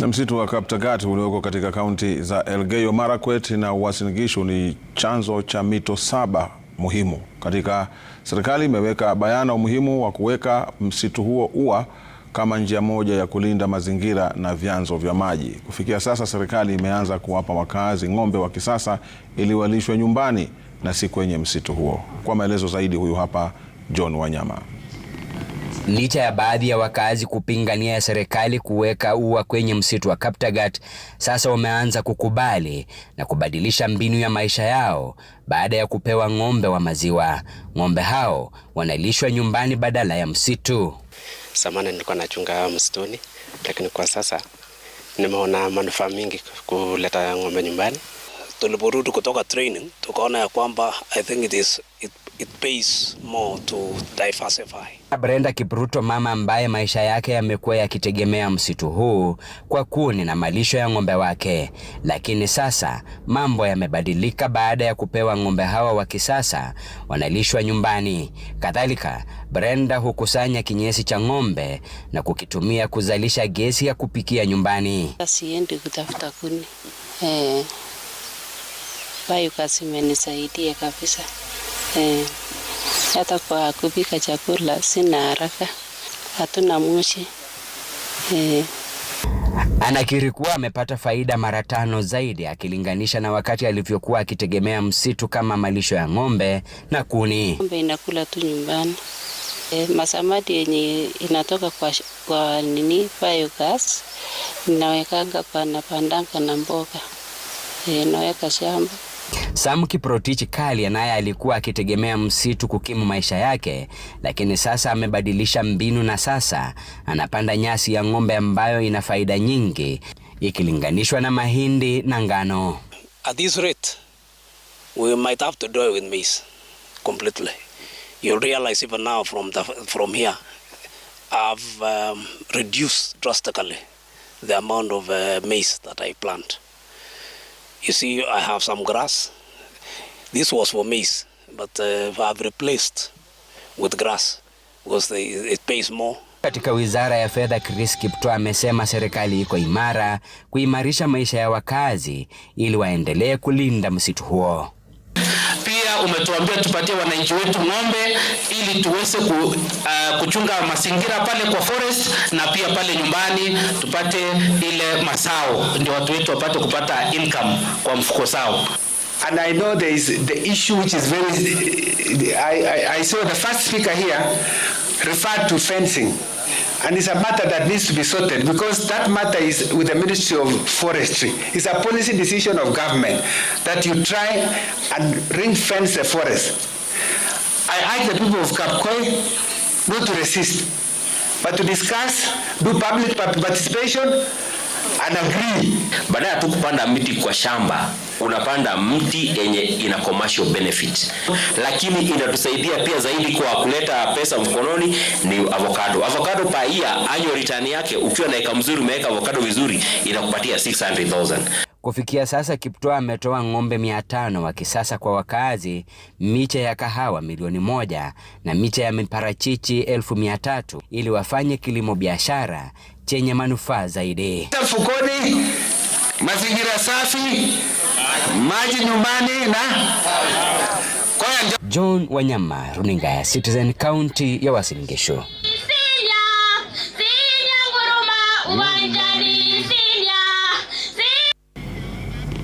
Na msitu wa Kaptagat ulioko katika kaunti za Elgeyo Marakwet na Uasin Gishu ni chanzo cha mito saba muhimu katika. Serikali imeweka bayana umuhimu wa kuweka msitu huo ua kama njia moja ya kulinda mazingira na vyanzo vya maji. Kufikia sasa, serikali imeanza kuwapa wakazi ng'ombe wa kisasa ili walishwe nyumbani na si kwenye msitu huo. Kwa maelezo zaidi, huyu hapa John Wanyama. Licha ya baadhi ya wakazi kupingania ya serikali kuweka ua kwenye msitu wa Kaptagat, sasa wameanza kukubali na kubadilisha mbinu ya maisha yao baada ya kupewa ng'ombe wa maziwa. Ng'ombe hao wanalishwa nyumbani badala ya msitu. Samana nilikuwa nachunga msituni, lakini kwa sasa nimeona manufaa mingi kuleta ng'ombe Tuliporudi kutoka training tukaona ya kwamba I think it is, it it pays more to diversify. Brenda Kipruto, mama ambaye maisha yake yamekuwa yakitegemea msitu huu kwa kuni na malisho ya ng'ombe wake, lakini sasa mambo yamebadilika baada ya kupewa ng'ombe hawa wa kisasa wanalishwa nyumbani. Kadhalika, Brenda hukusanya kinyesi cha ng'ombe na kukitumia kuzalisha gesi ya kupikia nyumbani. Siendi kutafuta kuni. Eh. Bayuka zimenisaidia kabisa. Eh, hata kwa kupika chakula sina haraka, hatuna moshi eh. Anakiri kuwa amepata faida mara tano zaidi akilinganisha na wakati alivyokuwa akitegemea msitu kama malisho ya ng'ombe na kuni. Ng'ombe inakula tu nyumbani. E, masamadi yenye inatoka kwa, kwa nini biogas ninawekanga panapandanga na mboga e, naweka shamba Sam Kiprotich Kalia naye alikuwa akitegemea msitu kukimu maisha yake, lakini sasa amebadilisha mbinu na sasa anapanda nyasi ya ng'ombe ambayo ina faida nyingi ikilinganishwa na mahindi na ngano. At this rate, we might have to do with maize completely. You realize even now from the, from here, I've um, reduced drastically the amount of uh, maize that I plant. You see, I have some grass. This was for maize, but uh, I've replaced with grass because they, it pays more. Katika Wizara ya Fedha, Chris Kiptoo amesema serikali iko imara kuimarisha maisha ya wakazi ili waendelee kulinda msitu huo umetuambia tupatie wananchi wetu ng'ombe ili tuweze ku, uh, kuchunga mazingira pale kwa forest na pia pale nyumbani tupate ile masao ndio watu wetu wapate kupata income kwa mfuko sao. And I know there is the issue which is very I, I, I saw the first speaker here referred to fencing. And it's a matter that needs to be sorted because that matter is with the Ministry of Forestry. It's a policy decision of government that you try and ring fence the forest. I ask the people of Kapkoi not to resist, but to discuss, do public participation and agree. Badala tu kupanda miti kwa shamba unapanda mti yenye ina commercial benefit, lakini inatusaidia pia zaidi kwa kuleta pesa mkononi ni avocado. Avocado pa ia annual return yake ukiwa na eka mzuri, umeweka avocado vizuri, inakupatia 600,000. Kufikia sasa kiptoa ametoa ng'ombe mia tano wa kisasa kwa wakazi, miche ya kahawa milioni moja na miche ya miparachichi elfu mia tatu ili wafanye kilimo biashara chenye manufaa zaidi. Mfukoni mazingira safi, maji nyumbani na John Wanyama, runinga ya Citizen, kaunti ya Uasin Gishu.